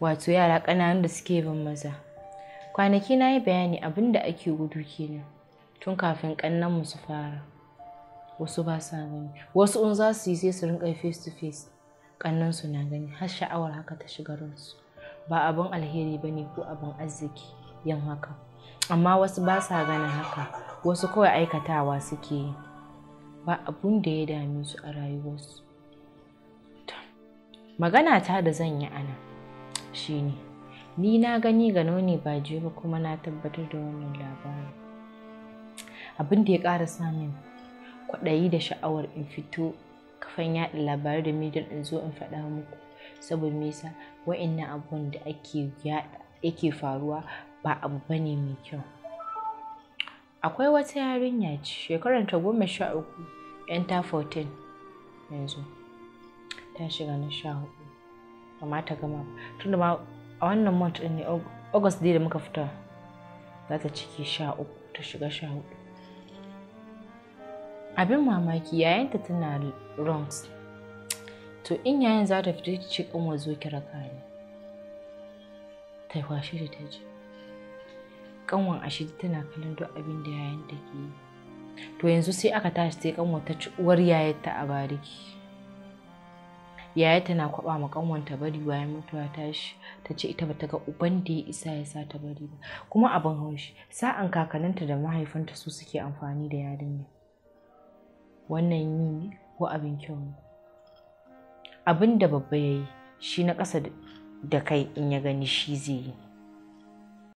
wato yara ƙananun da suke bin maza kwanaki na yi bayani abin da ake gudu kenan tun kafin ƙannanmu su fara wasu ba sa gani wasu in za su yi sai su rinƙa face to face ƙannansu na gani har sha'awar haka ta shiga ransu ba abin alheri ba ne ko abin arziki yin haka amma wasu ba sa ganin haka wasu kawai aikatawa suke yi ba abun da ya dame su a rayuwarsu magana ta da zan yi a nan shine ni na gani ga nuni ba je ba kuma na tabbatar da wannan labarin abin da ya ƙara samun kwaɗayi da sha'awar in fito kafan yaɗa labarai da midar in zo in faɗa muku saboda nisa yasa wa'annan abubuwan da ake yake faruwa ba abu ba ne mai kyau akwai wata yarinya ce ta goma sha uku yan ta 14 yanzu ta shiga na sha hudu ba ma ta gama da ma a wannan month din ne august dai da muka fita za ta ciki sha uku ta shiga sha hudu abin mamaki ta tana rungs to in yayin za ta fita ta ce kan wazo kira kare. ta kwashe da ta ji kanwan ashidi tana kallon duk abin da yayin ta ke yi to yanzu sai aka tashi sai kanwa ta ci uwar ta a bariki yaya tana kwaba ma kanwanta bari bayan mutuwa ta shi ta ce ita bata ga uban da ya isa ya sa ta bari ba kuma abin haushi sa'an kakaninta da mahaifanta su suke amfani da yarinya wannan yi ne ko abin kyau ne abin da babba ya yi shi na ƙasa da kai in ya gani shi zai yi